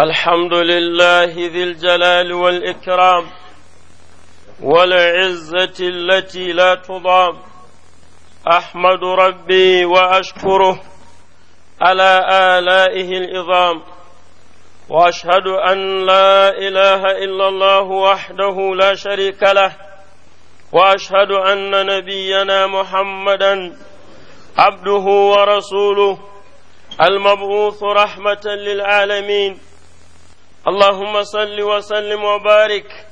الحمد لله ذي الجلال والإكرام والعزة التي لا تضام أحمد ربي وأشكره على آلائه العظام وأشهد أن لا إله إلا الله وحده لا شريك له وأشهد أن نبينا محمدا عبده ورسوله المبعوث رحمة للعالمين اللهم صل وسلم وبارك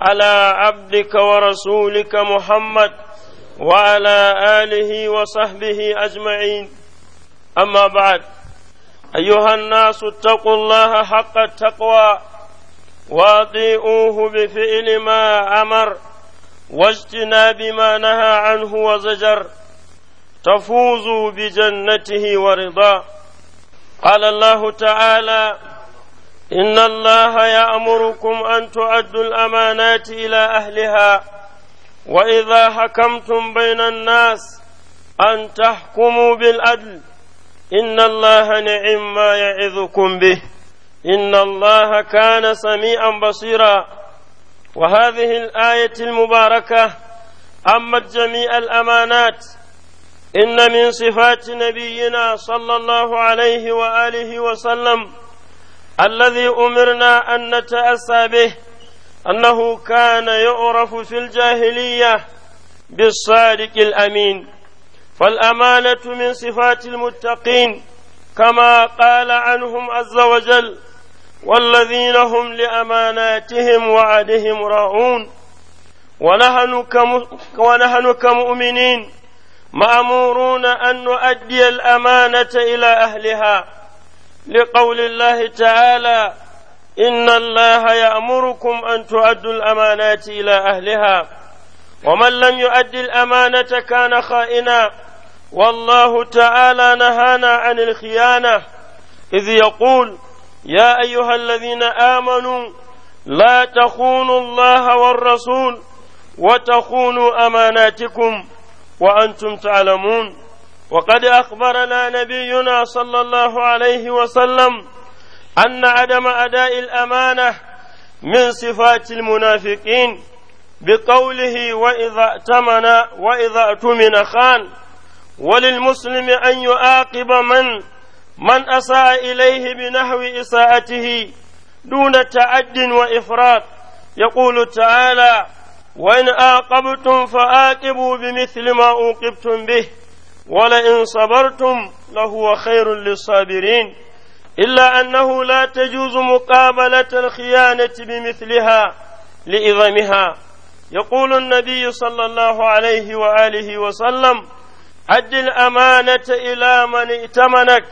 على عبدك ورسولك محمد وعلى اله وصحبه اجمعين اما بعد ايها الناس اتقوا الله حق التقوى واطيعوه بفعل ما امر واجتناب ما نهى عنه وزجر تفوزوا بجنته ورضاه قال الله تعالى إن الله يأمركم أن تؤدوا الأمانات إلى أهلها وإذا حكمتم بين الناس أن تحكموا بالعدل إن الله نعم ما يعظكم به إن الله كان سميعا بصيرا وهذه الآية المباركة أمت جميع الأمانات إن من صفات نبينا صلى الله عليه وآله وسلم الذي أمرنا أن نتأسى به أنه كان يعرف في الجاهلية بالصادق الأمين فالأمانة من صفات المتقين كما قال عنهم عز وجل والذين هم لأماناتهم وعدهم راعون ونحن, كم ونحن كمؤمنين مأمورون أن نؤدي الأمانة إلى أهلها لقول الله تعالى إن الله يأمركم أن تؤدوا الأمانات إلى أهلها ومن لم يؤد الأمانة كان خائنا والله تعالى نهانا عن الخيانة إذ يقول يا أيها الذين آمنوا لا تخونوا الله والرسول وتخونوا أماناتكم وأنتم تعلمون وقد أخبرنا نبينا صلى الله عليه وسلم أن عدم أداء الأمانة من صفات المنافقين بقوله وإذا ائتمن وإذا اؤتمن خان وللمسلم أن يعاقب من من أساء إليه بنحو إساءته دون تعد وإفراط يقول تعالى وإن آقبتم فآقبوا بمثل ما أوقبتم به ولئن صبرتم لهو خير للصابرين إلا أنه لا تجوز مقابلة الخيانة بمثلها لإظمها يقول النبي صلى الله عليه وآله وسلم أد الأمانة إلى من ائتمنك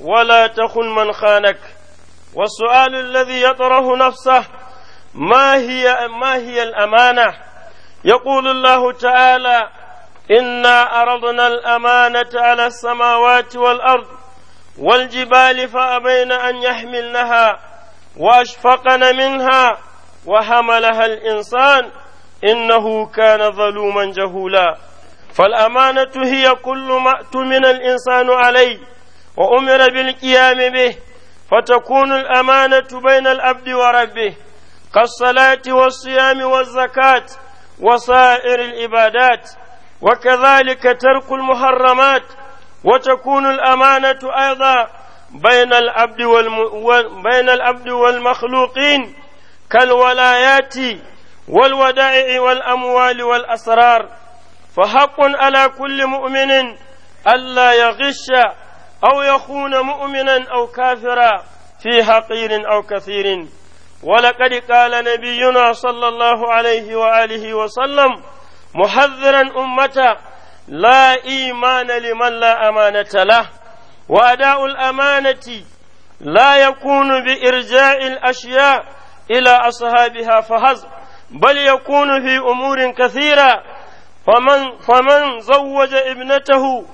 ولا تخن من خانك والسؤال الذي يطرح نفسه ما هي ما هي الأمانة يقول الله تعالى إنا عرضنا الأمانة على السماوات والأرض والجبال فأبين أن يحملنها وأشفقن منها وحملها الإنسان إنه كان ظلوما جهولا فالأمانة هي كل ما اؤتمن الإنسان عليه وأمر بالقيام به فتكون الأمانة بين العبد وربه كالصلاة والصيام والزكاة وسائر العبادات وكذلك ترك المحرمات وتكون الأمانة أيضا بين العبد بين العبد والمخلوقين كالولايات والودائع والأموال والأسرار فحق على كل مؤمن ألا يغش أو يخون مؤمنا أو كافرا في حقير أو كثير ولقد قال نبينا صلى الله عليه وآله وسلم muhadharan ummata la imana liman la amanata la wa ada'ul amanati la yakunu bi irja'il ashiya ila ashabiha fahaz bal yakunu fi umurin kathira faman faman zawwaja ibnatahu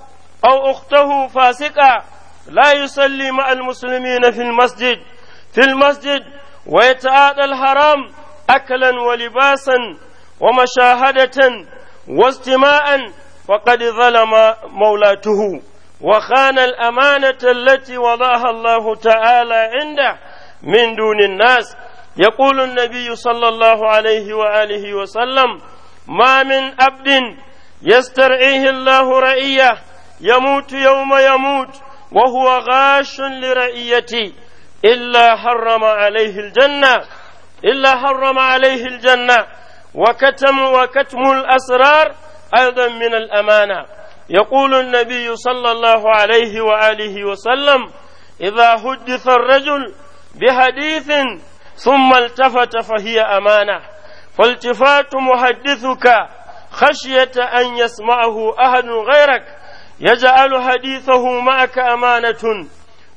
aw ukhtahu fasika la yusalli ma al muslimina fil masjid fil masjid wa yata'ada al haram akalan wa libasan ومشاهدة واستماعا فقد ظلم مولاته وخان الأمانة التي وضعها الله تعالى عنده من دون الناس يقول النبي صلى الله عليه وآله وسلم ما من عبد يسترعيه الله رئية يموت يوم يموت وهو غاش لرئيته إلا حرم عليه الجنة إلا حرم عليه الجنة وكتم وكتم الأسرار أيضا من الأمانة يقول النبي صلى الله عليه وآله وسلم إذا حدث الرجل بحديث ثم التفت فهي أمانة فالتفات محدثك خشية أن يسمعه أحد غيرك يجعل حديثه معك أمانة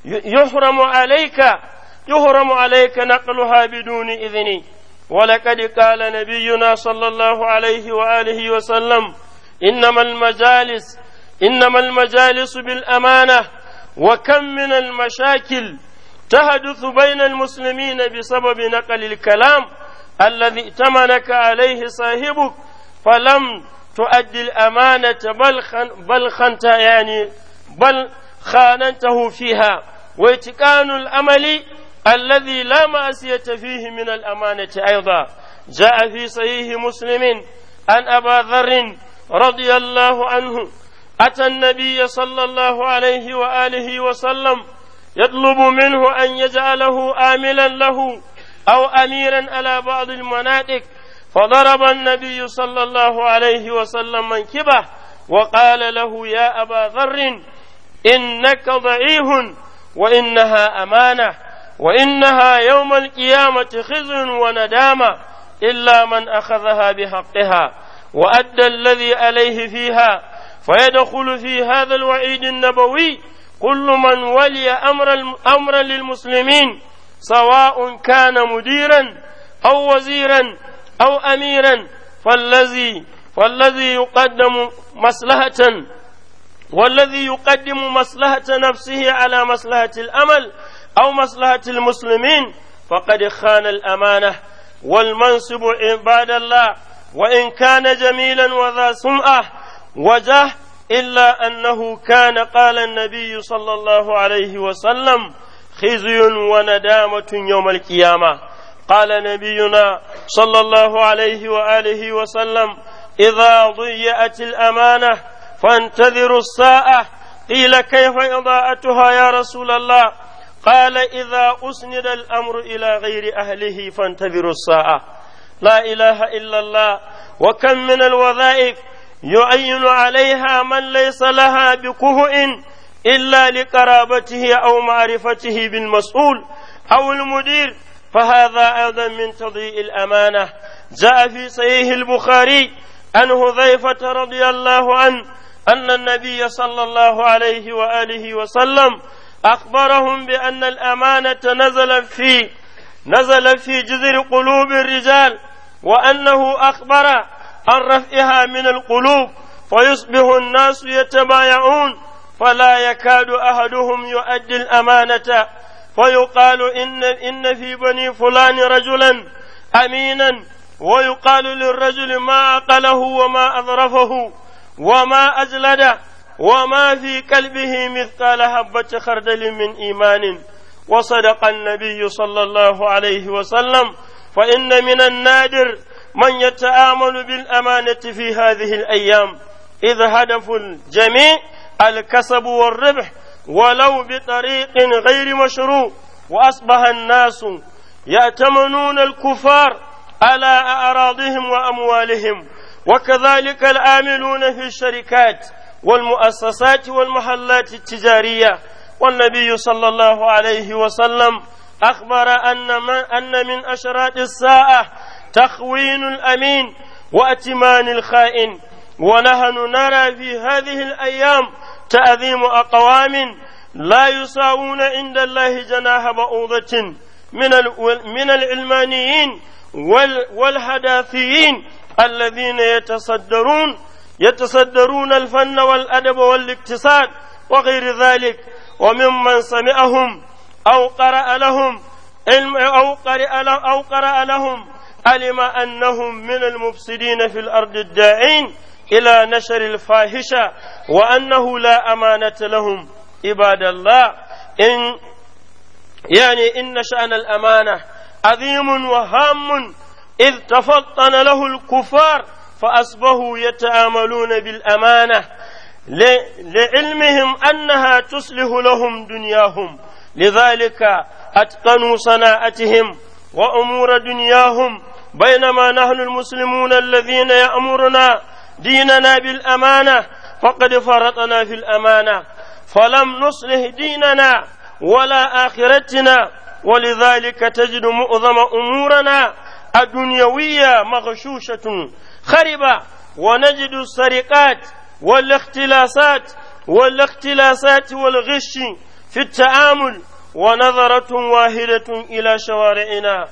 يحرم عليك يحرم عليك نقلها بدون إذن ولقد قال نبينا صلى الله عليه وآله وسلم إنما المجالس إنما المجالس بالأمانة وكم من المشاكل تحدث بين المسلمين بسبب نقل الكلام الذي ائتمنك عليه صاحبك فلم تؤدي الأمانة بل خن بل خنت يعني بل خاننته فيها واتقان الأمل الذي لا مأسية فيه من الأمانة أيضا جاء في صحيح مسلم أن أبا ذر رضي الله عنه أتى النبي صلى الله عليه وآله وسلم يطلب منه أن يجعله آملا له أو أميرا على بعض المناطق فضرب النبي صلى الله عليه وسلم منكبه وقال له يا أبا ذر إنك ضعيف وإنها أمانة وإنها يوم القيامة خزي وندامة إلا من أخذها بحقها وأدى الذي عليه فيها فيدخل في هذا الوعيد النبوي كل من ولي أمر أمرا للمسلمين سواء كان مديرا أو وزيرا أو أميرا فالذي والذي يقدم مصلحة والذي يقدم مصلحة نفسه على مصلحة الأمل أو مصلحة المسلمين فقد خان الأمانة والمنصب عباد الله وإن كان جميلا وذا سمعة وجه إلا أنه كان قال النبي صلى الله عليه وسلم خزي وندامة يوم القيامة قال نبينا صلى الله عليه وآله وسلم إذا ضيأت الأمانة فانتظروا الساعة قيل كيف إضاءتها يا رسول الله قال إذا أسند الأمر إلى غير أهله فانتظروا الساعة لا إله إلا الله وكم من الوظائف يعين عليها من ليس لها بكهء إلا لقرابته أو معرفته بالمسؤول أو المدير فهذا أيضا من تضيء الأمانة جاء في صحيح البخاري عن هذيفة رضي الله عنه أن النبي صلى الله عليه وآله وسلم أخبرهم بأن الأمانة نزل في نزل في جذر قلوب الرجال وأنه أخبر عن رفعها من القلوب فيصبح الناس يتبايعون فلا يكاد أحدهم يؤدي الأمانة فيقال إن إن في بني فلان رجلا أمينا ويقال للرجل ما أقله وما أظرفه وما أجلده وما في قلبه مثقال حبة خردل من إيمان وصدق النبي صلى الله عليه وسلم فإن من النادر من يتآمل بالأمانة في هذه الأيام إذ هدف الجميع الكسب والربح ولو بطريق غير مشروع وأصبح الناس يأتمنون الكفار على أعراضهم وأموالهم وكذلك العاملون في الشركات والمؤسسات والمحلات التجارية والنبي صلى الله عليه وسلم أخبر أن ما أن من أشراط الساعة تخوين الأمين وأتمان الخائن ونحن نرى في هذه الأيام تأذيم أقوام لا يساوون عند الله جناح بعوضة من من العلمانيين والحداثيين الذين يتصدرون يتصدرون الفن والأدب والاقتصاد وغير ذلك وممن سمعهم أو قرأ لهم علم أو قرأ أو قرأ لهم علم أنهم من المفسدين في الأرض الداعين إلى نشر الفاحشة وأنه لا أمانة لهم عباد الله إن يعني إن شأن الأمانة عظيم وهام إذ تفطن له الكفار فأصبحوا يتآملون بالأمانة لعلمهم أنها تصلح لهم دنياهم لذلك أتقنوا صناعتهم وأمور دنياهم بينما نحن المسلمون الذين يأمرنا ديننا بالأمانة فقد فرطنا في الأمانة فلم نصلح ديننا ولا آخرتنا ولذلك تجد معظم أمورنا الدنيوية مغشوشة خرب ونجد السرقات والاختلاسات والاختلاسات والغش في التعامل ونظرة واحدة إلى شوارعنا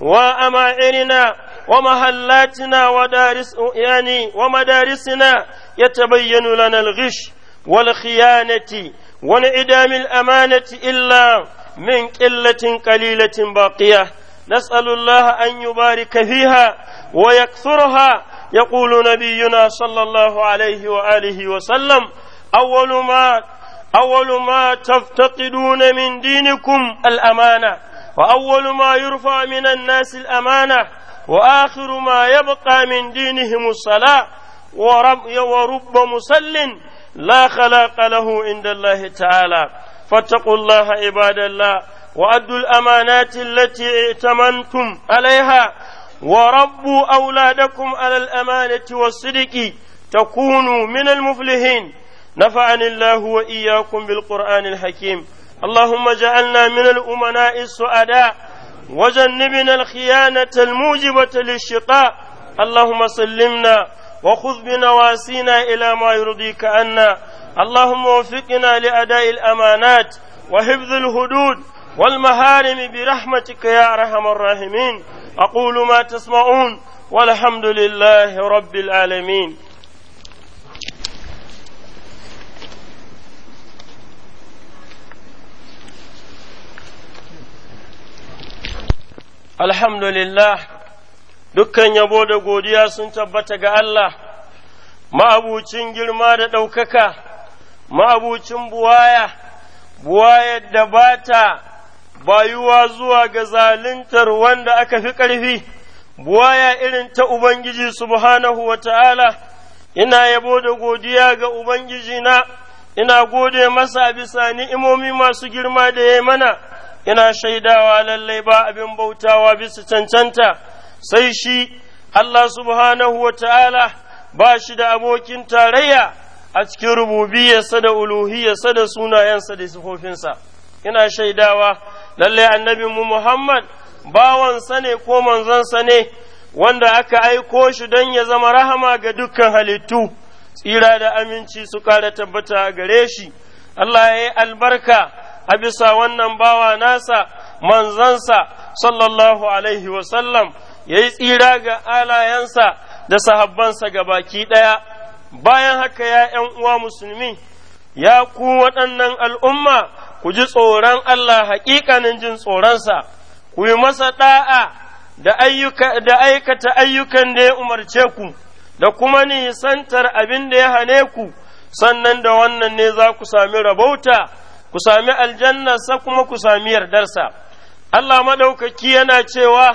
وأمائرنا ومحلاتنا ودارس يعني ومدارسنا يتبين لنا الغش والخيانة وانعدام الأمانة إلا من قلة قليلة باقية نسأل الله أن يبارك فيها ويكثرها يقول نبينا صلى الله عليه وآله وسلم أول ما أول ما تفتقدون من دينكم الأمانة وأول ما يرفع من الناس الأمانة وآخر ما يبقى من دينهم الصلاة ورب, ورب مسل لا خلاق له عند الله تعالى فاتقوا الله عباد الله وأدوا الأمانات التي ائتمنتم عليها وربوا أولادكم على الأمانة والصدق تكونوا من المفلحين نفعني الله وإياكم بالقرآن الحكيم اللهم جعلنا من الأمناء السعداء وجنبنا الخيانة الموجبة للشقاء اللهم سلمنا وخذ بنواسينا إلى ما يرضيك عنا اللهم وفقنا لأداء الأمانات وحفظ الهدود والمهارم برحمتك يا أرحم الراحمين أقول ما تسمعون والحمد لله رب العالمين Alhamdulillah, dukkan yabo da godiya sun tabbata ga Allah, ma'abucin girma da ɗaukaka, ma'abucin buwaya, buwayar da ba ta bayuwa zuwa ga zaluntar wanda aka fi ƙarfi, buwaya irin ta Ubangiji subhanahu wa ta'ala, ina yabo da godiya ga Ubangiji na, ina gode masa bisa ni'imomi masu girma da ya mana, ina shaidawa lallai ba abin bautawa bisa cancanta, sai shi Allah subhanahu wa ta'ala ba shi da abokin tarayya a cikin rububiyarsa da uluhiyarsa da sunayensa da sifofinsa. Ina shaidawa lalle annabi mu Muhammad bawansa ne ko manzonsa ne wanda aka aiko shi don ya zama rahama ga dukkan halittu tsira da aminci su ƙara tabbata a gare shi Allah ya yi albarka a bisa wannan bawa nasa manzansa sallallahu alaihi wasallam ya yi tsira ga alayensa da sahabbansa ga baki ɗaya bayan haka ya ’yan uwa musulmi ya ku waɗannan al'umma ku ji tsoron Allah haƙiƙanin jin tsoronsa, ku yi masa ɗa'a da aikata ayyukan da ya umarce ku, da kuma nisantar abin da ya hane ku, sannan da wannan ne za ku sami rabauta, ku sami aljannarsa kuma ku sami yardarsa. Allah maɗaukaki yana cewa,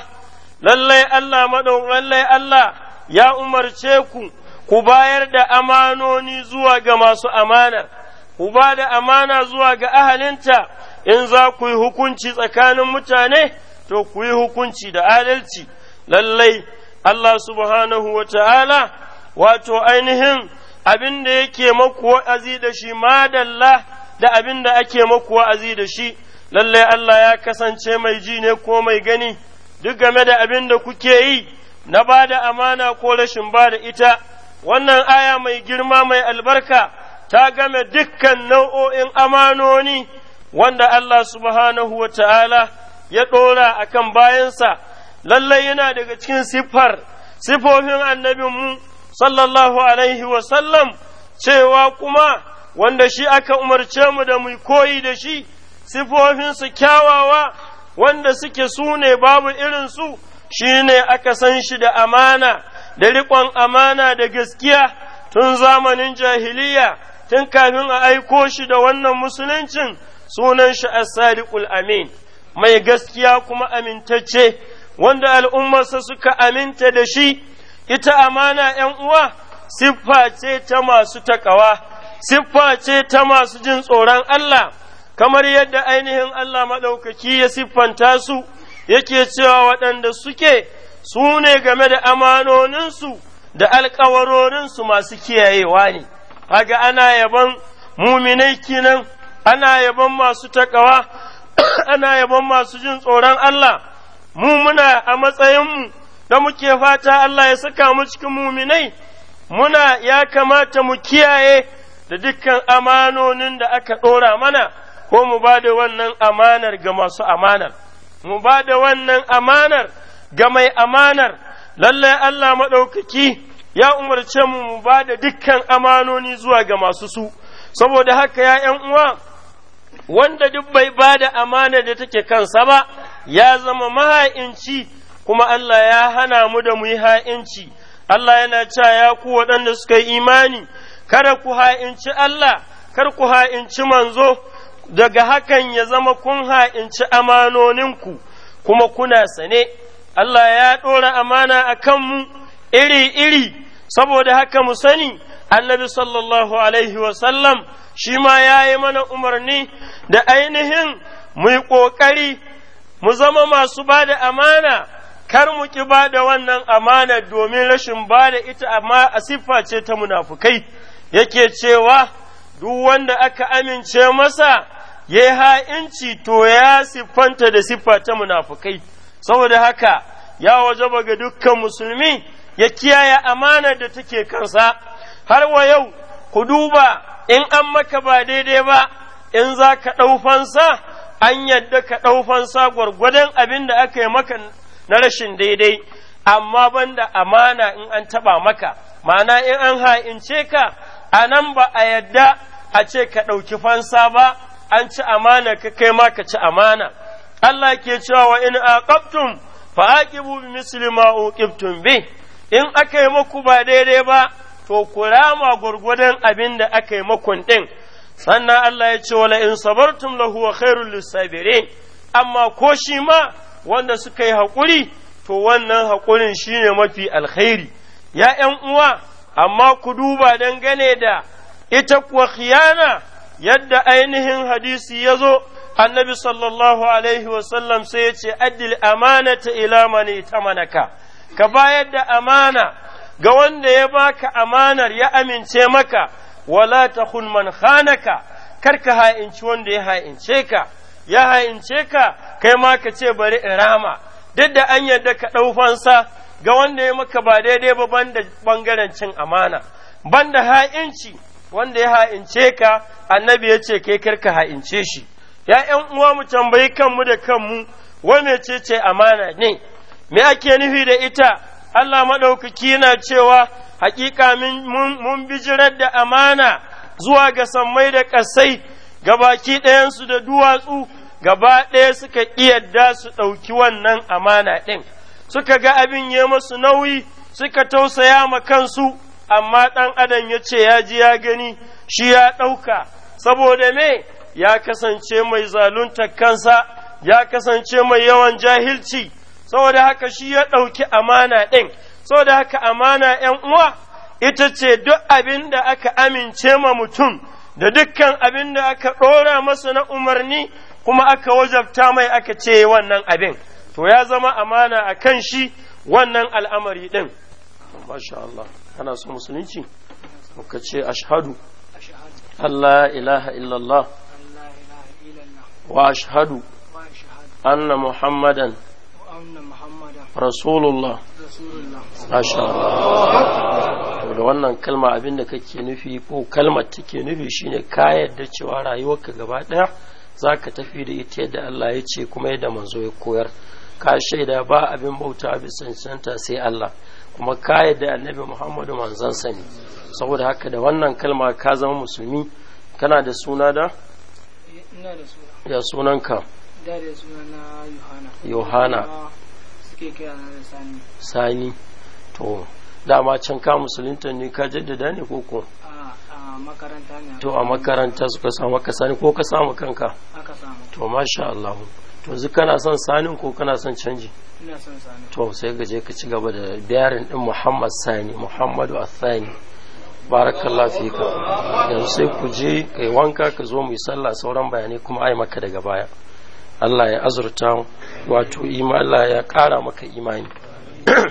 lallai Allah lallai Allah ya umarce ku, ku bayar da amanoni zuwa ga masu amanar. ku ba da amana zuwa ga ahalinta in za ku yi hukunci tsakanin mutane to ku yi hukunci da adalci lallai Allah subhanahu wa ta'ala wato ainihin abin da yake makuwa wa'azi da shi madalla da abin da ake makuwa wa'azi da shi lallai Allah ya kasance mai ji ne ko mai gani duk game da abin da kuke yi na ba da amana ko rashin ba da ita wannan aya mai girma mai albarka ta game dukkan nau'o'in amanoni wanda Allah subhanahu wa ta'ala ya ɗora a kan bayansa, lallai yana daga cikin siffar, siffofin annabinmu sallallahu alaihi sallam cewa kuma wanda shi aka umarce mu da mu koyi da shi, siffofinsu kyawawa wanda suke sune babu irinsu, shi ne aka san shi da amana, da riƙon amana da gaskiya tun zamanin jahiliya. tun kafin a aiko shi da wannan musuluncin sunan shi as-sadiqul amin mai gaskiya kuma amintacce wanda al'ummarsa suka aminta da shi ita amana ‘yan uwa siffa ce ta masu takawa siffa ce ta masu jin tsoron Allah kamar yadda ainihin Allah maɗaukaki ya siffanta su yake cewa waɗanda suke su ne game da amanoninsu da alkawarorinsu masu kiyayewa ne kaga ana yaban muminai kinan ana yaban masu takawa ana yaban masu jin tsoron Allah mu muna a mu da muke fata Allah ya saka mu cikin muminai muna ya kamata mu kiyaye da dukkan amanonin da aka ɗora mana ko mu ba da wannan amanar ga masu amanar mu ba da wannan amanar ga mai amanar lallai Allah maɗaukaki ya umarce mu mu ba da dukkan amanoni zuwa ga masu su saboda haka ya ‘yan uwa wanda duk bai ba da amana da take kansa ba ya zama maha'inci kuma Allah ya hana mu da mu yi ha'inci Allah yana cewa ya ku waɗanda suka yi imani kada ku ha'inci Allah kar ku ha'inci manzo daga hakan ya zama kun ha'inci amanoninku kuma kuna sane Allah ya ɗora amana a kanmu iri-iri saboda haka mu sani annabi sallallahu alaihi sallam shi ma ya yi mana umarni da ainihin mu yi ƙoƙari mu zama masu ba da amana kar mu ki ba da wannan amana domin rashin ba da ita amma a siffa ce ta munafukai yake cewa duk wanda aka amince masa ya yi ha'inci to ya siffanta da siffa ta munafukai saboda haka ya waje ga dukkan musulmi ya kiyaye amanar da take kansa har wa yau ku duba in an maka ba daidai ba in za ka ɗaufansa an yadda ka ɗaufansa gwargwadon abin da aka yi maka na rashin daidai amma banda amana in an taɓa maka ma'ana in an ha'ince ka a nan ba a yadda a ce ka ɗauki fansa ba an ci amana ka kai ma ka ci amana Allah ke cewa wa in aqabtum fa aqibu bi misli ma uqibtum bih in aka yi maku ba daidai ba to ku rama gwargwadon abin da aka yi makon ɗin sannan Allah ya ce wala in sabartum lahu wa khairul lisabirin amma ko shi ma wanda suka yi haƙuri to wannan haƙurin shine mafi alkhairi ya ’yan uwa amma ku duba don gane da ita kuwa khiyana yadda ainihin hadisi ya zo annabi sallallahu alaihi wasallam sai ya ce addil amanata ila mani ta manaka ka bayar da amana ga wanda ya baka amanar ya amince maka wala ta man khanaka kar ka ha'inci wanda ya ha'ince ka ya ha'ince ka kai ma ka ce bari in rama duk da an yarda ka ɗau fansa ga wanda ya maka ba daidai ba banda bangaren cin amana banda ha'inci wanda ya ha'ince ka annabi ya ce kai kar ka ha'ince shi ya uwa mu tambayi kanmu da kanmu wa ce amana ne me ake nufi da ita Allah maɗaukaki na cewa hakika mun bijirar da amana zuwa ga sammai da ƙasai ga baki ɗayansu da duwatsu gaba ɗaya suka yadda su ɗauki wannan amana ɗin suka ga abin ya masu nauyi suka tausaya ma kansu amma ɗan adam ya ce ya ji ya gani shi ya ɗauka saboda me ya kasance mai zalunta kansa ya kasance mai yawan jahilci saboda haka shi ya ɗauki amana ɗin saboda haka amana ‘yan uwa ita ce duk abin da aka amince ma mutum da dukkan abin da aka ɗora masa na umarni kuma aka wajabta mai aka ce wannan abin to ya zama amana a kan shi wannan al'amari ɗin masha Allah ana so musulunci muka ce ashhadu Allah illallah wa ashhadu anna muhammadan rasulullah masha Allah da wannan kalma abinda kake nufi ko kalmar take nufi shine ka yarda cewa rayuwarka gaba daya zaka tafi da ita yadda Allah ya ce kuma yadda manzo ya koyar ka shaida ba abin bauta bisan sancanta sai Allah kuma ka yarda annabi Muhammadu manzon sa ne saboda haka da wannan kalma ka zama musulmi kana da suna da eh, ya sunanka Uh, yohana yohana sani sani to dama can ka musulunta ne ka jaddada ne ko ko a makaranta ne to a makaranta suka samu ka sani ko ka samu kanka aka samu to masha Allah to yanzu kana son sanin ko kana son canji ina son to sai ka ka ci gaba da bayarin din Muhammad Sani Muhammadu Athani barakallah fika yanzu sai ku je kai wanka ka zo mu yi sallah sauran bayanai kuma ai maka daga baya Allah ya azurta wato Allah ya ƙara maka imani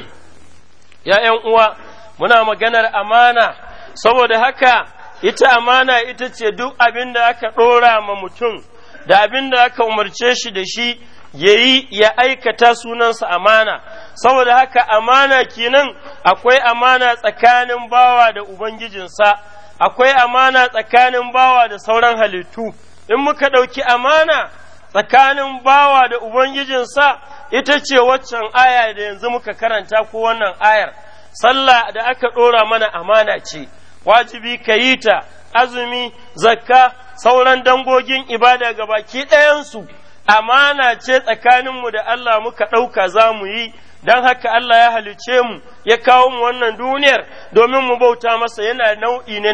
‘ya'yan uwa muna maganar amana saboda haka ita amana ita ce duk abin da aka ɗora ma mutum da abin da aka umarce shi da shi ya yi ya aikata sunansa amana saboda haka amana kenan akwai amana tsakanin bawa da ubangijinsa akwai amana tsakanin bawa da sauran halittu in muka ɗauki amana tsakanin bawa da ubangijinsa ita ce waccan aya da yanzu muka karanta ko wannan ayar sallah da aka ɗora mana amana ce wajibi ka yi ta azumi zakka sauran dangogin ibada ga baki ɗayansu amana ce tsakaninmu da Allah muka ɗauka za mu yi don haka Allah ya halice mu ya kawo mu wannan duniyar domin mu bauta masa yana nau'i ne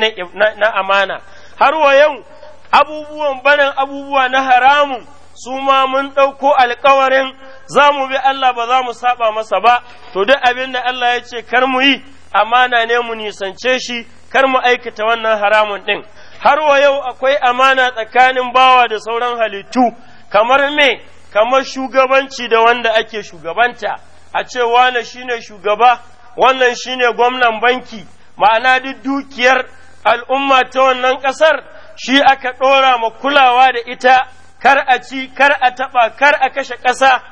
na amana har wa yau abubuwan barin abubuwa na haramun su ma mun ɗauko alkawarin za mu bi Allah ba za mu saba masa ba, to duk abin da Allah ya ce kar mu yi, amana ne mu nisance shi, kar mu aikata wannan haramun ɗin. Har wa yau akwai amana tsakanin bawa da sauran halittu, kamar me, kamar shugabanci da wanda ake shugabanta, a ce wane shine shugaba, wannan shine gwamnan banki, ma'ana duk dukiyar al'umma ta wannan ƙasar, shi aka ɗora ma kulawa da ita kar a ci kar a taɓa kar a kashe ƙasa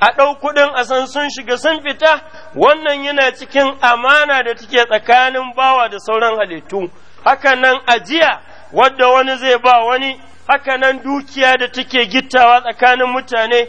a ɗau kuɗin a san sun shiga sun fita wannan yana cikin amana da take tsakanin bawa da sauran halittu hakanan ajiya wadda wani zai ba wani hakanan dukiya da take gittawa tsakanin mutane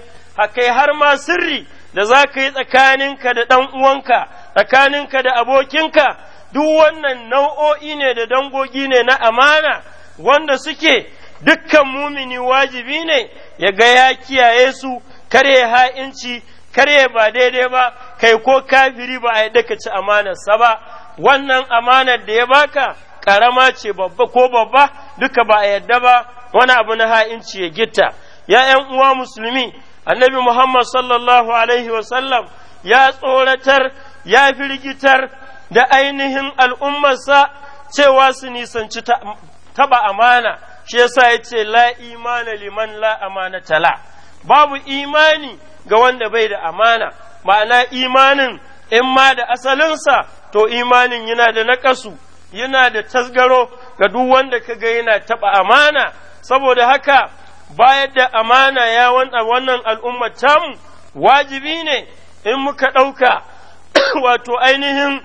kai har ma sirri da za ka yi tsakaninka da ɗan uwanka tsakaninka da abokinka duk wannan nau'o'i ne da dangogi ne na amana wanda suke dukkan mumini wajibi ne ya ga ya kiyaye su kare ha'inci kare ba daidai ba kai ko kafiri ba a yadda ka ci amanarsa ba wannan amanar da ya baka karama ce babba ko babba duka ba a yadda ba wani abu na ha'inci ya gitta ya ‘yan uwa musulmi annabi muhammad sallallahu alaihi wasallam ya tsoratar ya firgitar da ainihin al'ummarsa cewa su nisanci taba amana shi yasa ya ce la imana liman la amana tala babu imani ga wanda bai da amana ma'ana imanin in ma da asalinsa to imanin yana da naƙasu yana da tasgaro ga duk wanda ka ga yana taba amana saboda haka bayar da amana ya wannan al'ummar tamu wajibi ne in muka ɗauka wato ainihin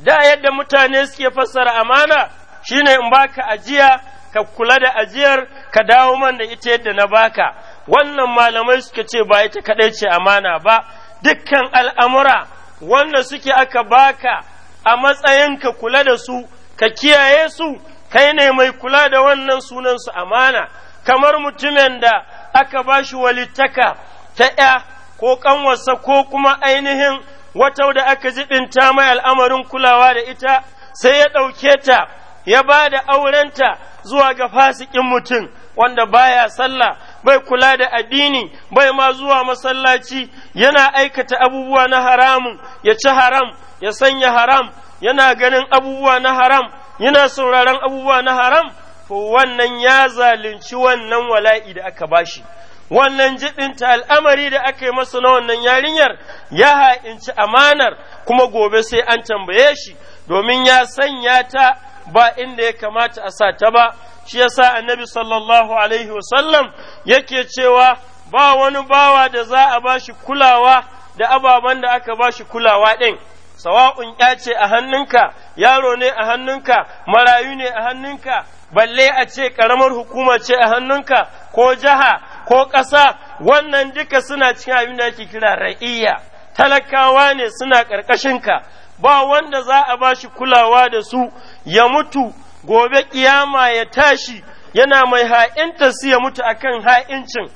da yadda mutane suke fassara amana shine in baka ajiya ka kula da ajiyar ka dawo man da ita yadda na baka wannan malamai suka ce ba ita kaɗai ce amana ba dukkan al'amura wanda suke aka baka a matsayin ka kula da su ka kiyaye su kai ne mai kula da wannan sunan su amana kamar mutumin da aka bashi shi walittaka ta ‘ya ko ƙanwarsa ko kuma ainihin wata da aka jibinta mai al'amarin kulawa da ita sai ya ɗauke ta ya ba da aurenta zuwa ga fasikin mutum wanda baya sallah bai kula da addini bai ma zuwa masallaci yana aikata abubuwa na haramun ya ci haram ya sanya haram yana ganin abubuwa na haram yana sauraron abubuwa na haram to wannan ya zalunci wannan wala'i da aka bashi wannan jibinta al'amari da aka yi masa na wannan yarinyar ya ha'inci amanar kuma gobe sai an tambaye shi domin ya sanya ta ba inda ya kamata a sa ta ba shi yasa annabi sallallahu alaihi wasallam yake cewa ba wani bawa da za a ba shi kulawa da ababen da aka ba shi kulawa ɗin sawa'un ya ce a hannunka yaro ne a hannunka marayu ne a hannunka balle a ce ƙaramar hukuma ce a hannunka ko jiha ko ƙasa wannan duka suna cikin abin da ake kira ra'iyya talakawa ne suna ƙarƙashinka ba wanda za a ba shi kulawa da su ya mutu gobe kiyama ya tashi yana mai ha'inta su ya mutu akan ha'incin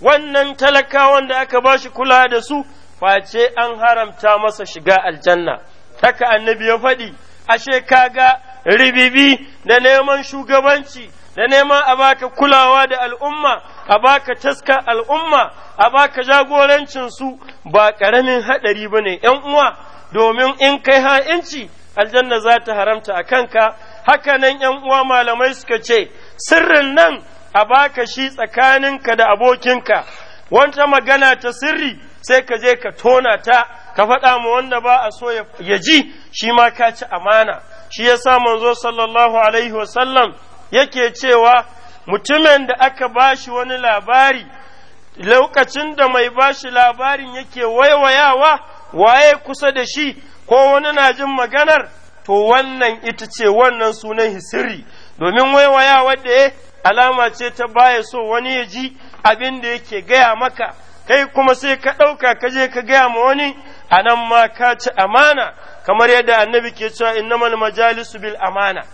wannan talakawan da aka ba shi kulawa da su face an haramta masa shiga aljanna taka annabi ya faɗi ashe kaga ribibi da neman shugabanci da neman a baka kulawa da al'umma a baka taska al'umma a baka jagorancinsu ba ƙaramin haɗari ba ne uwa domin in kai ha'inci aljanna za ta haramta a kanka haka nan ‘yan uwa malamai suka ce sirrin nan a baka shi tsakaninka da abokinka Wanta magana ta sirri sai ka je ka tona ta ka faɗa ma wanda ba a so ya ji shi ma ka ci amana shi ya sa manzo sallallahu alaihi wasallam yake cewa mutumin da aka bashi wani labari lokacin da mai bashi labarin yake waiwayawa waye kusa da shi ko wani na jin maganar to wannan ita ce wannan sunan hisiri domin waiwaya wadda ya alama ce ta baya so wani ya ji abin da yake gaya maka kai kuma sai ka ɗauka ka je ka gaya ma wani a nan ma ka ci amana kamar yadda annabi ke cewa innamal majalisu bil amana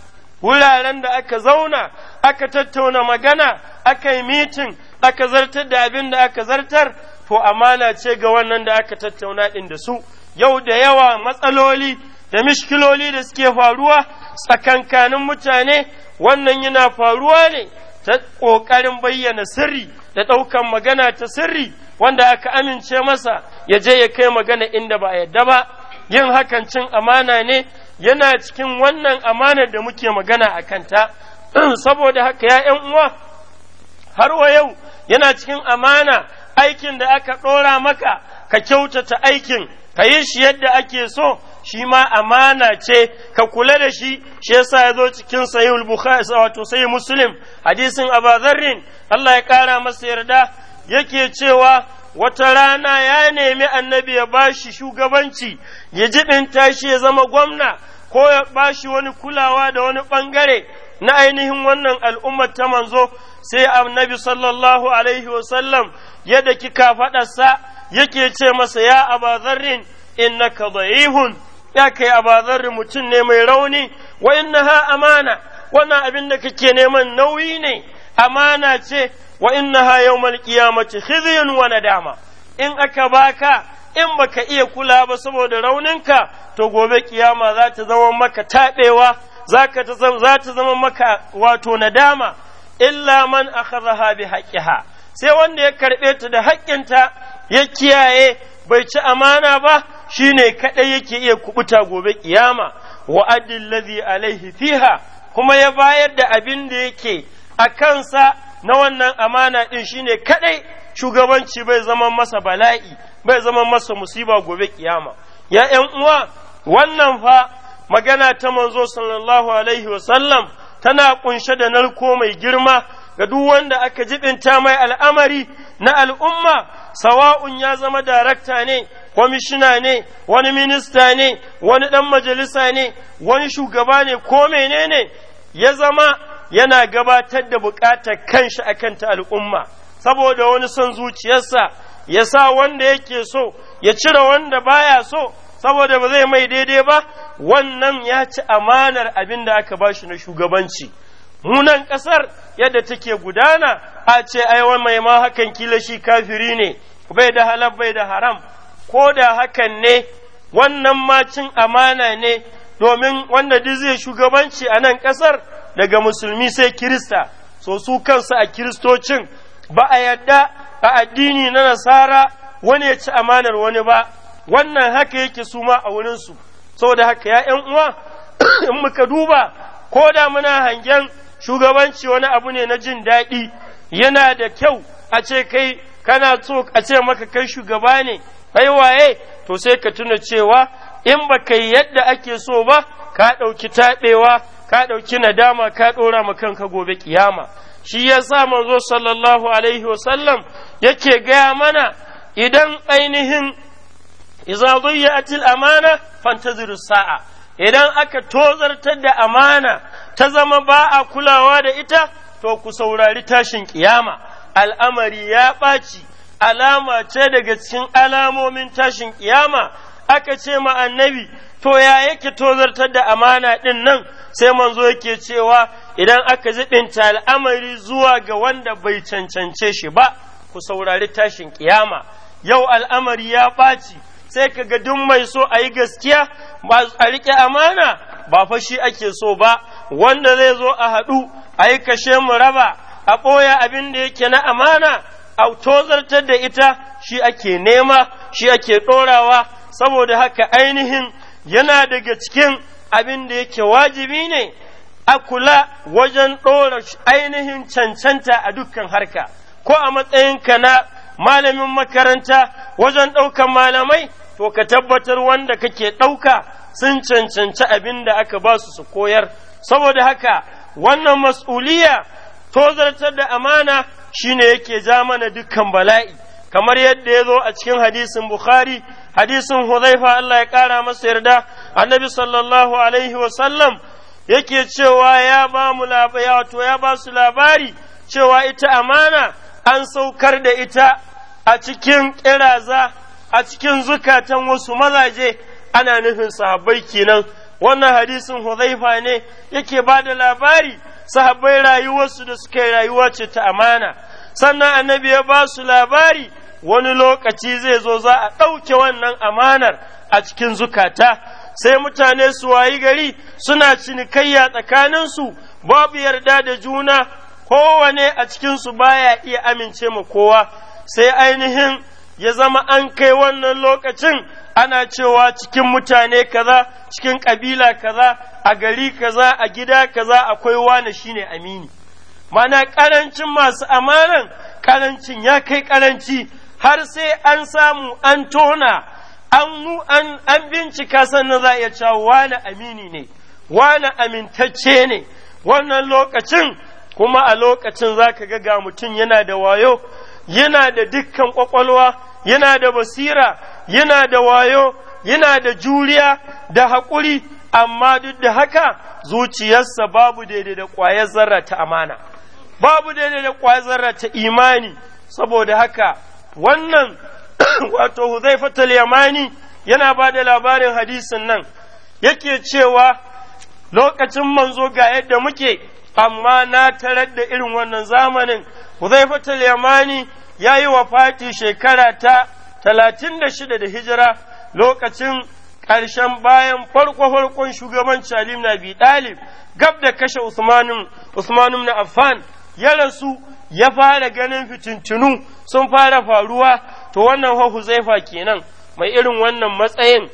wuraren da aka zauna aka tattauna magana aka yi mitin aka zartar da abin da aka zartar to amana ce ga wannan da aka tattauna ɗin da su yau da yawa matsaloli da mishkiloli da suke faruwa tsakankanin mutane wannan yana faruwa ne ta ƙoƙarin bayyana sirri da ɗaukan magana ta sirri wanda aka amince masa ya je ya kai magana inda ba a yadda ba yin hakan cin amana ne yana cikin wannan amanar da muke magana a kanta saboda haka ya uwa har wa yau yana cikin amana aikin da aka ɗora maka ka kyautata aikin ka yi shi yadda ake so shi ma amana ce ka kula da shi shi yasa ya zo cikin sahihul bukhari wato sahih muslim hadisin abazarrin Allah ya kara masa yarda yake cewa wata rana ya nemi annabi ya bashi shugabanci ya jibinta shi ya zama gwamna ko ya bashi wani kulawa da wani ɓangare. na ainihin wannan al'ummar ta manzo sai annabi sallallahu alaihi wasallam ya daki kafaɗarsa yake ce masa ya abazarrin innaka da'ihun ya kai abazarrin mutum ne mai rauni wa innaha amana wannan abin da kake neman nauyi ne amana ce wa innaha yawmal qiyamati khizyun wa nadama in aka baka in baka iya kula ba saboda rauninka to gobe kiyama za ta zama maka taɓewa za ta zama maka wato nadama illa man akhadha bi haqqiha sai wanda ya karɓe ta da haƙƙinta ya kiyaye bai ci amana ba shine kadai yake iya kubuta gobe kiyama wa adil ladhi alaihi fiha kuma ya bayar da abin da yake a kansa na wannan amana ɗin shine kadai shugabanci bai zama masa bala'i bai zama masa musiba gobe kiyama ya ’yan uwa wannan fa magana ta manzo sallallahu alaihi wasallam tana kunshe da narko mai girma ga duk wanda aka jibinta mai al'amari na al'umma sawa'un ya zama darakta ne kwamishina ne wani minista ne wani ɗan majalisa ne wani shugaba ne ko menene ya zama yana gabatar da buƙatar kanshi akan ta al'umma saboda wani son zuciyarsa ya sa wanda yake so ya cire wanda baya so saboda ba zai mai daidai ba wannan ya ci amanar abin da aka ba shi na shugabanci munan ƙasar yadda take gudana a ce ai mai ma hakan kila shi kafiri ne bai da halal bai da haram ko da hakan ne wannan ma cin amana ne domin wanda duk zai shugabanci a nan ƙasar daga musulmi sai kirista so su kansu a kiristocin ba a yadda a addini na nasara wani ya ci amanar wani ba wannan haka yake su ma a wurinsu saboda haka ya ‘yan uwa in muka duba ko da muna hangen shugabanci wani abu ne na jin daɗi yana da kyau a ce kai kana so a ce maka kai shugaba ne ai waye to sai ka tuna cewa in ba kai yadda ake so ba ka ɗauki taɓewa ka ɗauki nadama ka ɗora ma kanka gobe kiyama shi ya sa manzo sallallahu alaihi wasallam yake gaya mana idan ainihin idza dhiya'atil amana fantaziru sa'a idan aka tozartar da amana ta zama ba a kulawa da ita to ku saurari tashin kiyama al'amari ya ɓaci alama ce daga cikin alamomin tashin kiyama aka ce ma annabi to ya yake tozartar da amana ɗin nan sai manzo yake cewa idan aka zibinta al'amari zuwa ga wanda bai cancance shi ba ku saurari tashin kiyama yau al'amari ya ɓaci sai ka ga duk mai so a yi gaskiya ba a riƙe amana ba fa shi ake so ba wanda zai zo a haɗu a yi kashe mu raba a ɓoya abin da yake na amana a tozartar da ita shi ake nema shi ake ɗorawa saboda haka ainihin yana daga cikin abin da yake wajibi ne a kula wajen ɗora ainihin cancanta a dukkan harka ko a matsayinka na malamin makaranta wajen ɗaukan malamai to ka tabbatar wanda kake ɗauka sun cancanci abin da aka ba su su koyar saboda haka wannan mas'uliya tozartar da amana shine yake ja mana dukkan bala'i kamar yadda ya zo a cikin hadisin bukhari hadisin huzaifa Allah ya kara masa yarda annabi sallallahu alaihi wa sallam yake cewa ya ba mu wato ya ba su labari cewa ita amana an saukar da ita a cikin kiraza. a cikin zukatan wasu mazaje ana nufin sahabbai kenan wannan hadisin Hudhaifa ne yake ba da labari sahabbai rayuwarsu da suka yi rayuwa ce ta amana sannan annabi ya ba su labari wani lokaci zai zo za a ɗauke wannan amanar a cikin zukata sai mutane su wayi gari suna cinikayya tsakaninsu babu yarda da juna kowane a cikinsu baya iya amince ma kowa sai ainihin ya zama an kai wannan lokacin ana cewa cikin mutane kaza cikin ƙabila kaza a gari kaza a gida kaza akwai wane shine amini mana ƙarancin masu amanan ƙarancin ya kai ƙaranci har sai an samu an tona an an, an bincika sannan za a iya cewa wane amini ne wane amintacce ne wannan lokacin kuma a lokacin za ka ga mutum yana da wayo yana da dukkan ƙwaƙwalwa yana da basira yana da wayo yana da juriya da haƙuri amma duk da haka zuciyarsa babu daidai da ƙwayar zarra ta amana babu daidai da ƙwayar zarra ta imani saboda haka wannan wato huzaifatul yamani yana ba da labarin hadisin nan yake cewa lokacin manzo ga yadda muke amma na tarar da irin wannan zamanin Huzaifatul Yamani ya yi wa fati shekara ta talatin da shida da hijira lokacin ƙarshen bayan farko-farkon shugabanci Ali na Abi Dalib gab da kashe usmanu na Affan ya rasu ya fara ganin fitintunu sun fara faruwa to wannan Huzaifa kenan mai irin wannan matsayin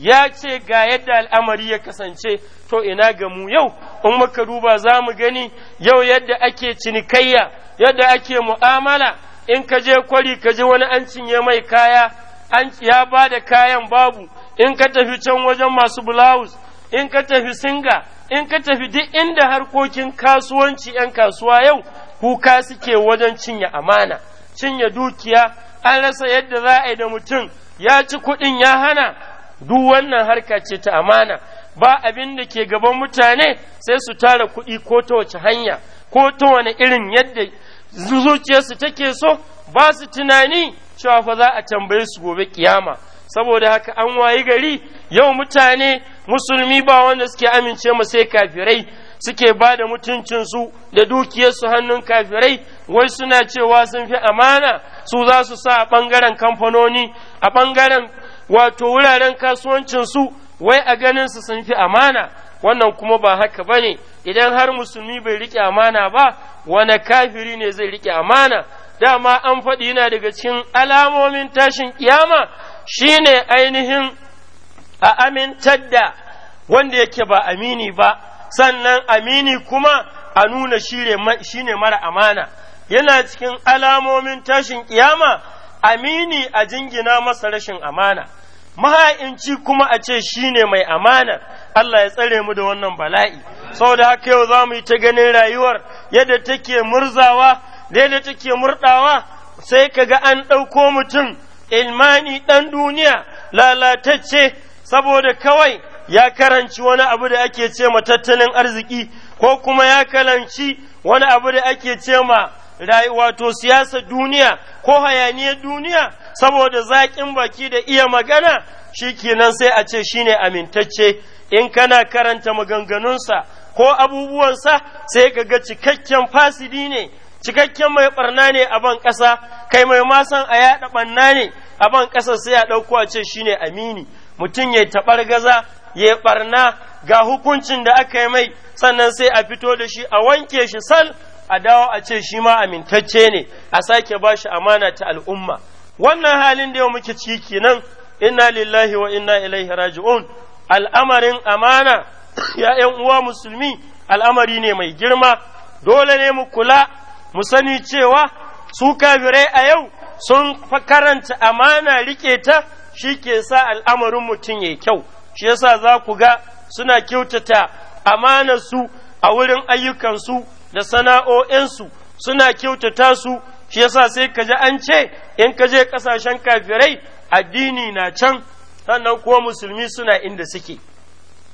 ya ce ga yadda al'amari ya kasance to ina ga mu yau in muka duba za mu gani yau yadda ake cinikayya yadda ake mu'amala in ka je kwari ka je wani an cinye mai kaya an ya ba da kayan babu in ka tafi can wajen masu bulawus in ka tafi singa in ka tafi duk inda harkokin kasuwanci 'yan kasuwa yau kuka suke wajen cinye amana cinye dukiya an rasa yadda za a yi da mutum ya ci kuɗin ya hana duk wannan harka ce ta amana ba abin da ke gaban mutane sai su tara kuɗi ko ta wace hanya ko ta wani irin yadda zuciyarsu take so ba su tunani cewa fa za a tambaye su gobe kiyama saboda haka an wayi gari yau mutane musulmi ba wanda suke amince mu sai kafirai suke ba da mutuncinsu da dukiyarsu hannun kafirai wai suna cewa sun fi amana su za su sa a ɓangaren kamfanoni a ɓangaren wato wuraren kasuwancinsu wai a ganinsu su sun fi amana wannan kuma ba haka ba ne idan har musulmi bai riƙe amana ba wane kafiri ne zai riƙe amana dama an faɗi yana daga cikin alamomin tashin kiyama shine ainihin a amintar da wanda yake ba amini ba sannan amini kuma a nuna shi ne mara amana yana cikin alamomin tashin kiyama amini a jingina masa rashin amana maha'inci kuma a ce shi ne mai amana Allah ya tsare mu da wannan bala'i saboda haka yau za mu yi ta ganin rayuwar yadda take murzawa da yadda take murɗawa sai ka ga an ɗauko mutum ilmani ɗan duniya lalatacce saboda kawai ya karanci wani abu da ake ce ma tattalin arziki ko kuma ya karanci wani abu da ake ce ma wato siyasa duniya ko hayaniyar duniya saboda zaƙin baki da iya magana shi kenan sai a ce shine amintacce in kana karanta maganganunsa ko abubuwansa sai ka ga cikakken fasidi ne cikakken mai barna ne a ban ƙasa kai mai masan a yaɗa barna ne a ban ƙasa sai a ɗauko a ce shine amini mutum ya taɓar gaza ya barna ga hukuncin da aka yi mai sannan sai a fito da shi a wanke shi sal a dawo a ce shi ma amintacce ne a sake ba shi amana ta al'umma wannan halin da yau muke ciki kenan inna lillahi wa inna ilaihi raji'un al'amarin amana ya ‘yan uwa musulmi al'amari ne mai girma dole ne mu kula mu sani cewa su kafirai a yau sun karanta amana rike ta shi ke sa al'amarin mutum ya kyau shi yasa za ku ga suna kyautata amanarsu a wurin ayyukansu da sana'o'insu suna kyautata su shi yasa sai ka ji an ce in ka je ƙasashen kafirai addini na can sannan kuwa musulmi suna inda suke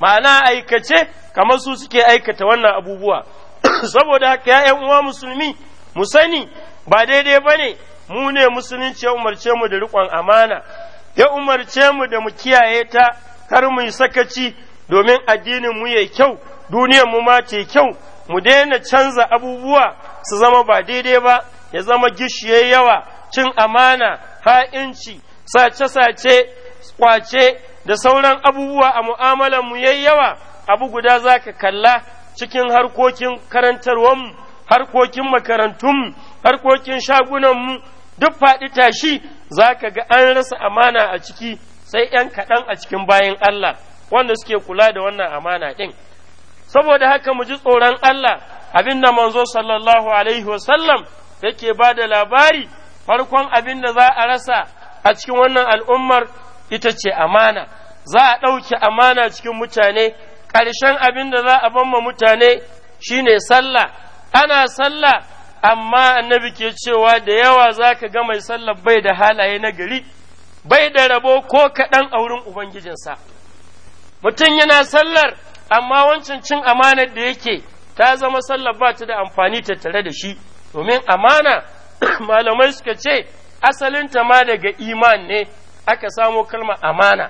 ma'ana aikace kamar su suke aikata wannan abubuwa saboda haka ya uwa musulmi mu sani ba daidai ba ne mu ne musulunci ya umarce mu da riƙon amana ya umarce mu da mu kiyaye ta kar mu yi sakaci domin addinin mu yayi kyau duniyar mu ma ce kyau mu daina canza abubuwa su zama ba daidai ba ya zama gishiye yawa cin amana ha'inci sace-sace kwace da sauran abubuwa a mu'amalar mu yayi yawa abu guda za ka kalla cikin harkokin karantarwarmu harkokin makarantunmu harkokin shagunanmu duk faɗi tashi za ka ga an rasa amana a ciki sai ‘yan kaɗan a cikin bayan Allah wanda suke kula da wannan amana ɗin. Saboda haka mu ji tsoron Allah abinda manzo sallallahu alaihi wasallam yake ba da labari farkon abinda za a rasa a cikin wannan al'ummar ita ce amana za a ɗauke amana cikin mutane ƙarshen abin da za a ma mutane shine sallah ana sallah amma annabi ke cewa da yawa za ka ga mai sallah bai da halaye na gari bai da rabo ko kaɗan a wurin ubangijinsa mutum yana sallar amma wancan cin amanar da yake ta zama sallar ba ta da amfani ta tare da shi domin amana malamai suka ce asalinta ma daga iman ne aka samo kalmar amana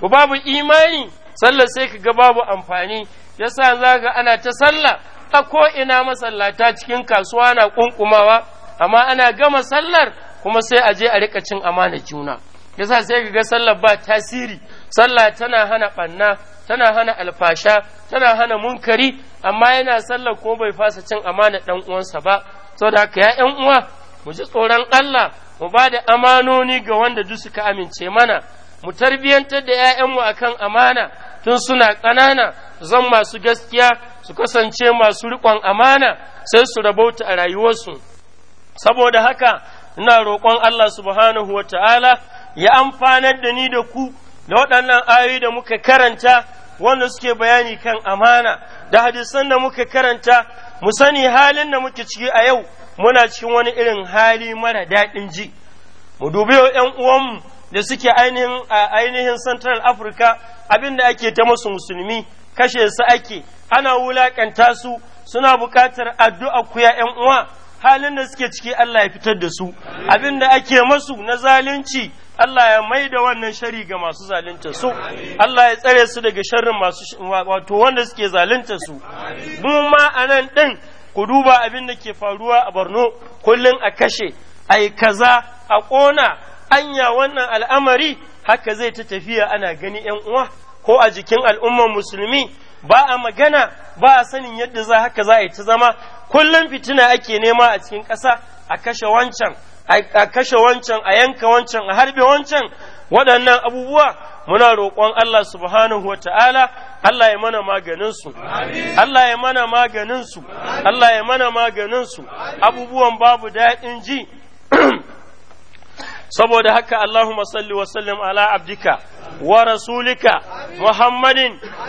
to babu imani sallar sai kaga babu amfani yasa za ga ana ta sallah a ko ina masallata cikin kasuwa na kunkumawa amma ana gama sallar kuma sai a je a rika cin amana juna yasa sai kaga ga sallar ba tasiri sallah tana hana ɓanna tana hana alfasha tana hana munkari amma yana sallar ko bai fasa cin amana ɗan uwansa ba da haka ya 'yan uwa mu ji tsoron Allah mu ba da amanoni ga wanda duk suka amince mana mu tarbiyantar da ‘ya'yanmu a kan amana tun suna ƙanana zan masu gaskiya su kasance masu riƙon amana sai su rabauta a rayuwarsu saboda haka ina roƙon Allah subhanahu wa ta'ala ya amfanar da ni da ku da waɗannan ayoyi da muka karanta wanda suke bayani kan amana da hadisan da muka karanta mu sani halin da muke ciki a yau muna cikin wani irin hali mara daɗin ji mu dubi yan uwanmu da suke ainihin a ainihin central africa abinda ake ta masu musulmi kashe su ake ana wulakanta su suna buƙatar addu'a ku ya ‘yan uwa, halin da suke ciki Allah ya fitar da su abin da ake masu na zalunci Allah ya mai da wannan shari ga masu zalunta su Allah ya tsare su daga sharrin masu wato wanda suke zalunta su mu ma nan ɗin, ku duba abin da ke faruwa a Borno kullum a kashe ai kaza a ƙona anya wannan al'amari haka zai ta tafiya ana gani yan uwa ko a jikin al'ummar musulmi ba a magana ba a sanin yadda za haka za a yi ta zama kullum fitina ake nema a cikin ƙasa a kashe wancan a kashe wancan a yanka wancan a harbe wancan waɗannan abubuwa muna roƙon Allah subhanahu wata'ala Allah ya mana maganinsu Allah ya mana su Allah ya mana su abubuwan babu daɗin ji saboda haka Allahumma salli wa sallim ala abdika ورسولك محمد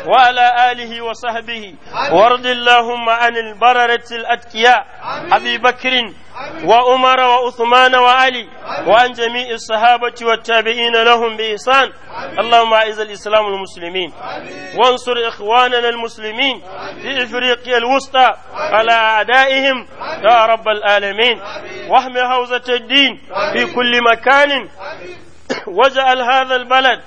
وعلى آله وصحبه وارض اللهم عن البررة الأتقياء أبي بكر وعمر وعثمان وعلي وعن جميع الصحابة والتابعين لهم بإحسان اللهم أعز الإسلام والمسلمين وانصر إخواننا المسلمين في إفريقيا الوسطى على أعدائهم يا رب العالمين واحمي حوزة الدين في كل مكان واجعل هذا البلد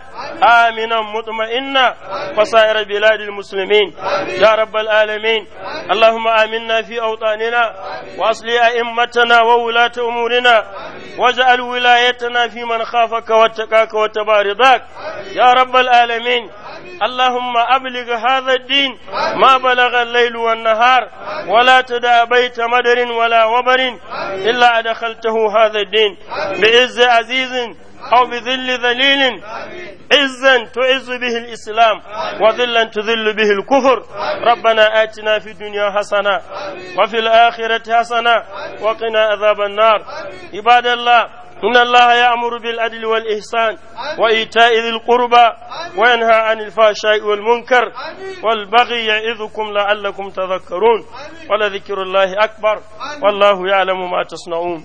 آمنا مطمئنا وسائر بلاد المسلمين يا رب العالمين اللهم آمنا في أوطاننا وأصلي أئمتنا وولاة أمورنا واجعل ولايتنا في من خافك واتقاك وتبع رضاك يا رب العالمين اللهم أبلغ هذا الدين ما بلغ الليل والنهار ولا تدع بيت مدر ولا وبر إلا أدخلته هذا الدين بعز عزيز أو بذل ذليل عزا تعز به الإسلام وذلا تذل به الكفر ربنا آتنا في الدنيا حسنة وفي الآخرة حسنة وقنا عذاب النار عباد الله إن الله يأمر بالعدل والإحسان وإيتاء ذي القربى وينهى عن الفحشاء والمنكر والبغي يعظكم لعلكم تذكرون ولذكر الله أكبر والله يعلم ما تصنعون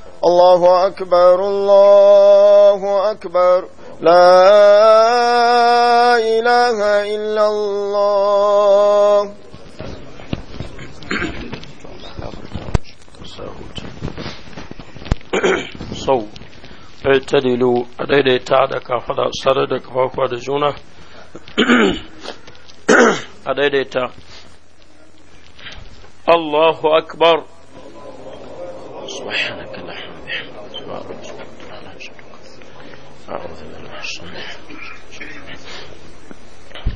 الله أكبر الله أكبر لا إله إلا الله sau اعتدلوا daidaita da kafada sare da kafafuwa da juna a daidaita Allahu akbar subhanahu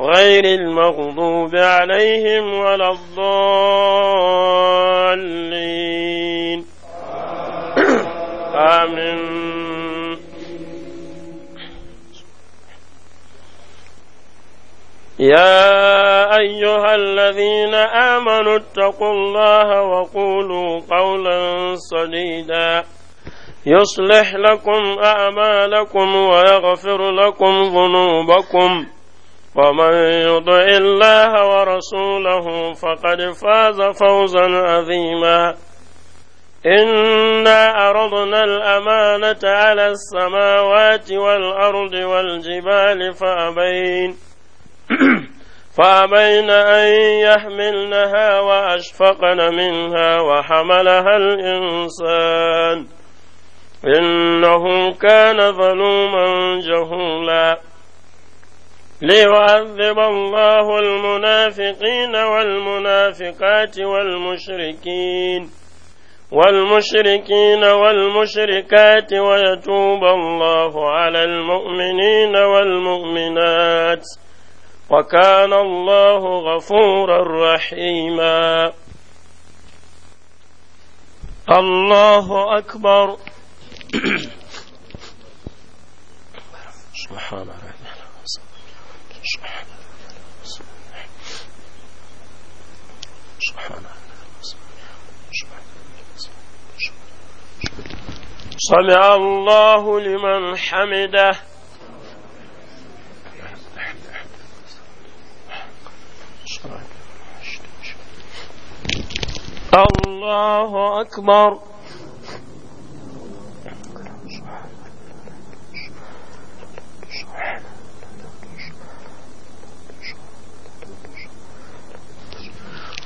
غير المغضوب عليهم ولا الضالين آمين يا أيها الذين آمنوا اتقوا الله وقولوا قولا سديدا يصلح لكم أعمالكم ويغفر لكم ذنوبكم ومن يطع الله ورسوله فقد فاز فوزا عظيما إنا أرضنا الأمانة على السماوات والأرض والجبال فأبين فأبين أن يحملنها وأشفقن منها وحملها الإنسان إنه كان ظلوما جهولا ليعذب الله المنافقين والمنافقات والمشركين والمشركين والمشركات ويتوب الله على المؤمنين والمؤمنات وكان الله غفورا رحيما الله أكبر سبحان الله صلى الله لمن حمده الله أكبر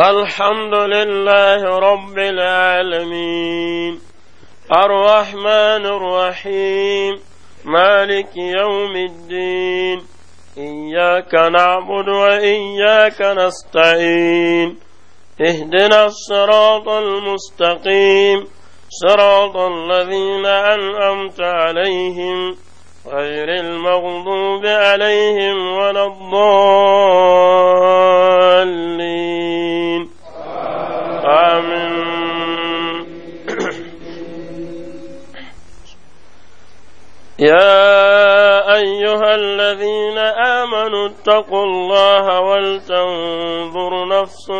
الحمد لله رب العالمين الرحمن الرحيم مالك يوم الدين إياك نعبد وإياك نستعين اهدنا الصراط المستقيم صراط الذين انعمت عليهم غير المغضوب عليهم ولا الضالين آمين يا أيها الذين آمنوا اتقوا الله ولتنظر نفس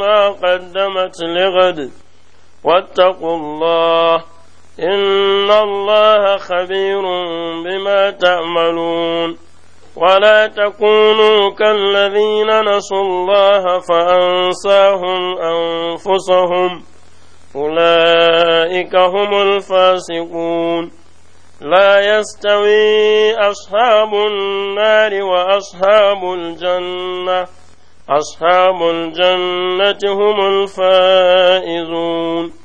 ما قدمت لغد واتقوا الله إن الله خبير بما تعملون ولا تكونوا كالذين نسوا الله فأنساهم أنفسهم أولئك هم الفاسقون لا يستوي أصحاب النار وأصحاب الجنة أصحاب الجنة هم الفائزون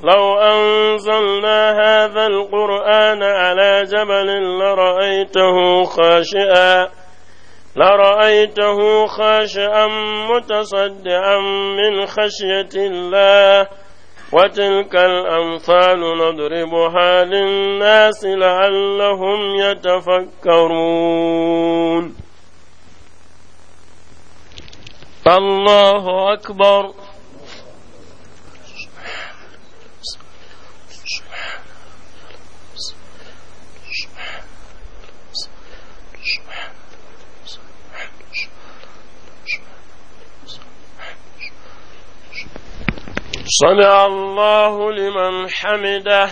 لو أنزلنا هذا القرآن على جبل لرأيته خاشئا لرأيته خاشئا متصدعا من خشية الله وتلك الأمثال نضربها للناس لعلهم يتفكرون الله أكبر صلى الله لمن حمده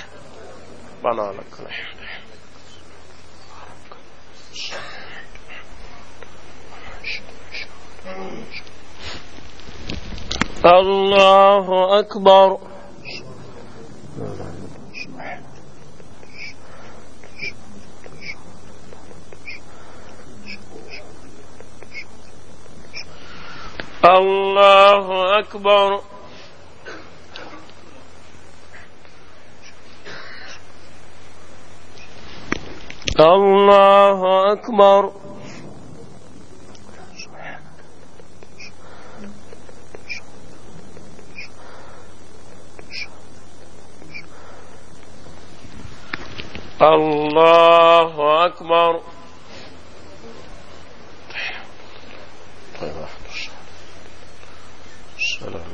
بنا لك الحمد الله أكبر الله أكبر الله أكبر الله أكبر طيب، السلام